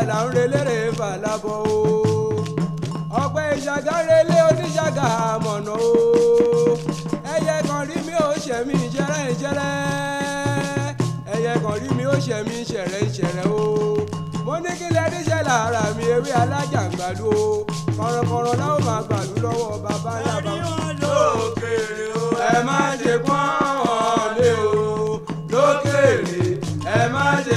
fàlà ń relére fàlà bọ̀ o ọ̀pẹ ìṣàgá relé oníṣàgá àmọ̀nà o ẹyẹ kan rí mi ó ṣẹ̀ mí ìṣẹ̀rẹ̀ ìṣẹ̀rẹ̀ ẹyẹ kan rí mi ó ṣẹ̀ mí ìṣẹ̀rẹ̀ ìṣẹ̀rẹ̀ o mo ní kí lẹ níṣẹ́ lára mi ewé alájàgbàdo o kọ̀rọ̀kọ̀rọ̀ náà máa gbàlú lọ́wọ́ bàbá ńlá bàbá. lókèrè ẹ má ṣe pọ́n ọ̀lẹ́ o lókèrè ẹ má ṣe.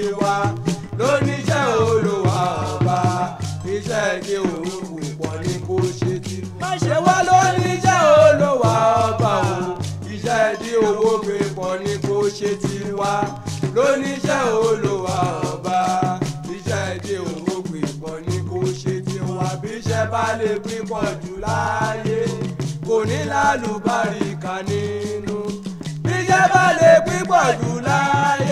tiwa lóníṣẹ́ olúwa ọba iṣẹ́ ni òun wù pọ̀ ní kó ṣe ti. má ṣe wá lóníṣẹ́ olúwa ọba o iṣẹ́ ni owó gbé pọ̀ ní kó ṣe tiwa lóníṣẹ́ olúwa ọba iṣẹ́ ni owó gbé pọ̀ ní kó ṣe tiwa bí iṣẹ́ bá lè gbé pọ̀ jù láàyè kò ní lálùbáríkà nínú bí iṣẹ́ bá lè gbé pọ̀ jù láàyè.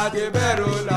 láti bẹ̀rù lọ.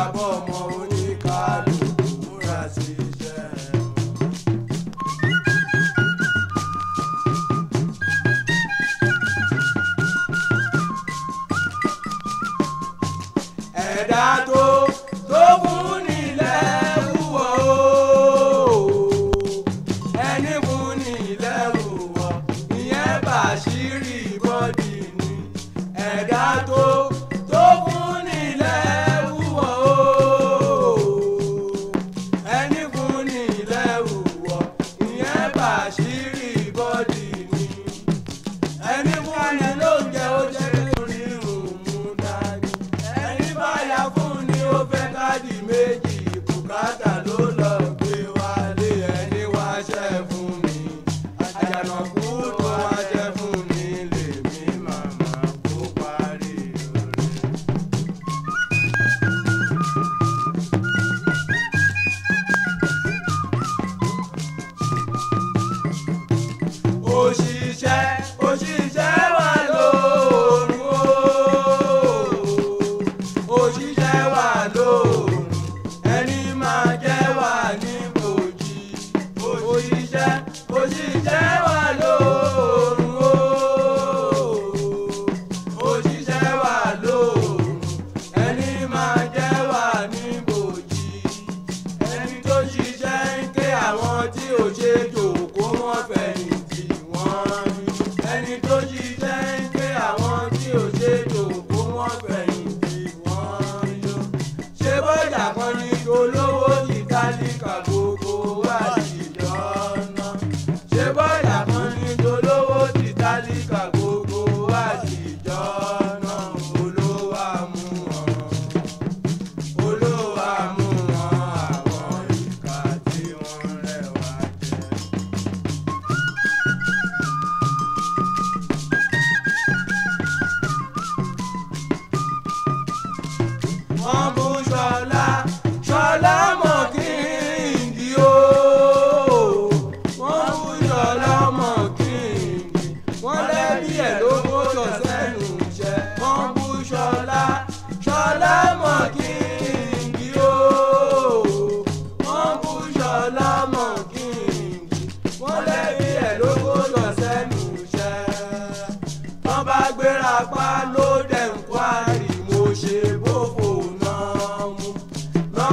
axé, hoje é,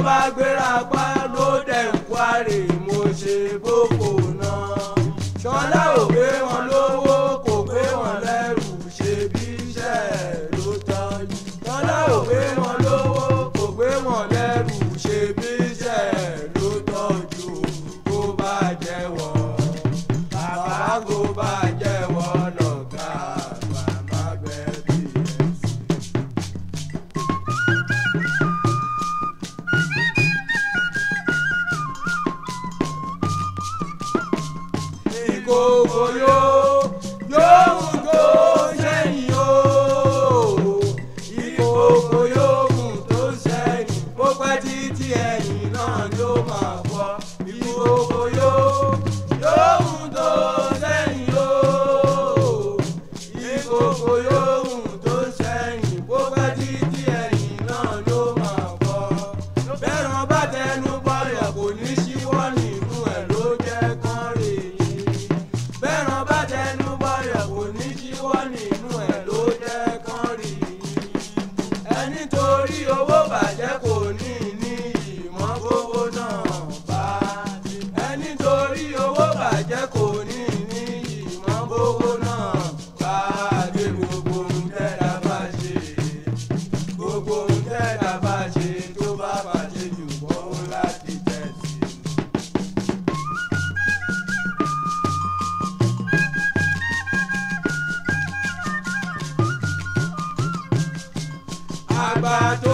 bá gbéra pa ló dẹ̀ ń kwárì. Go, Bye.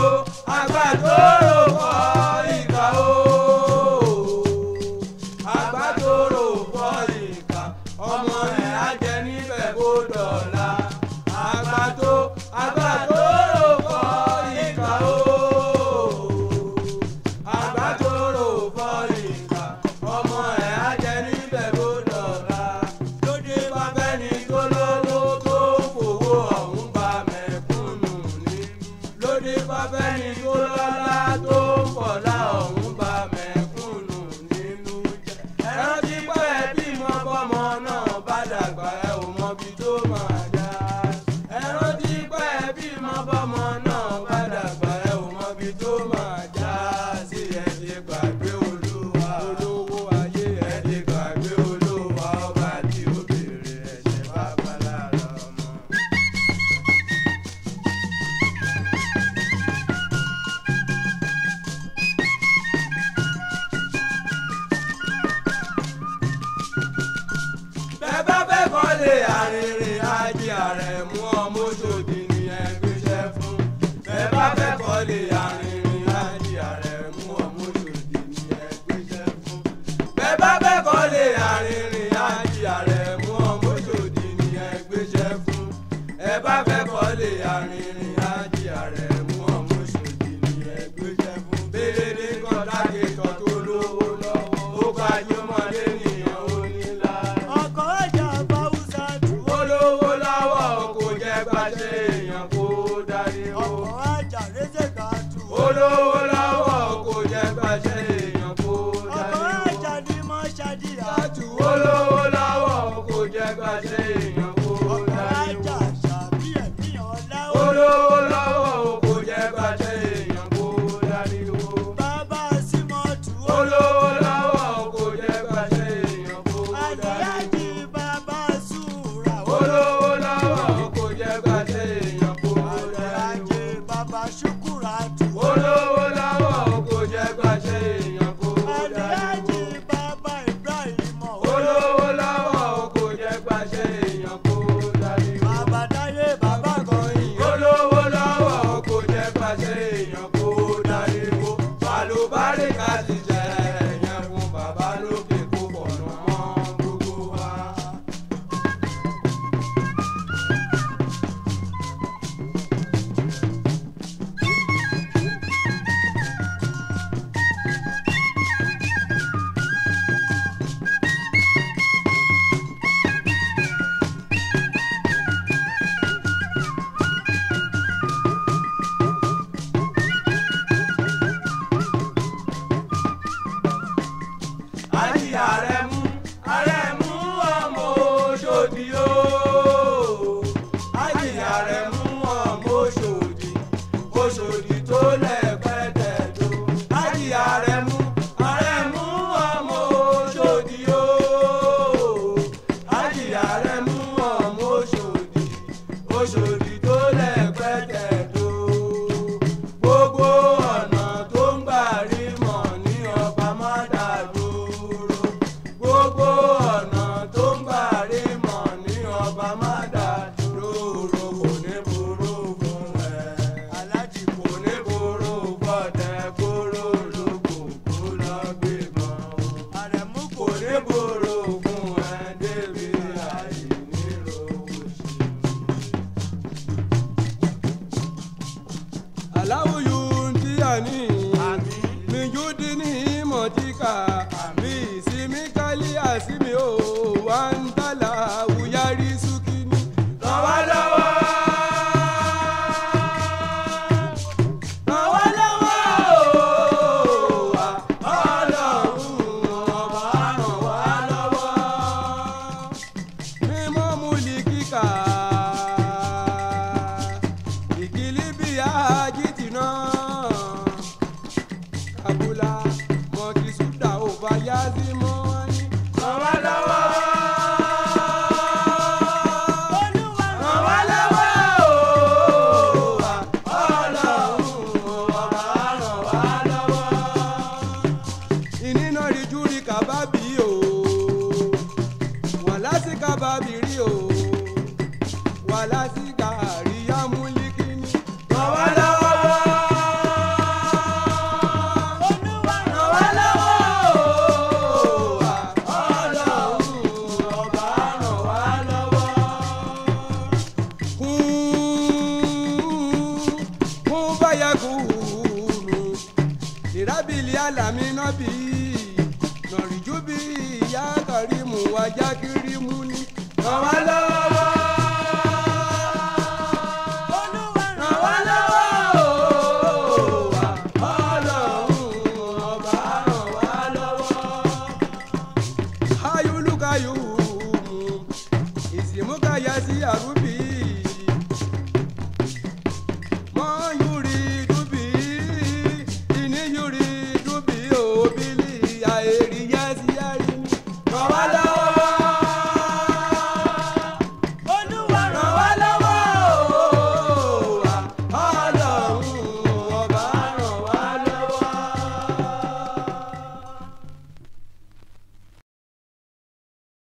tẹ́lẹ̀ arìnrìn ajé àrẹ̀mú ọmọ òṣòdì ni ẹgbẹ́ṣẹ́ fún bẹ́ẹ̀ bá fẹ́ kọ́ lè yá.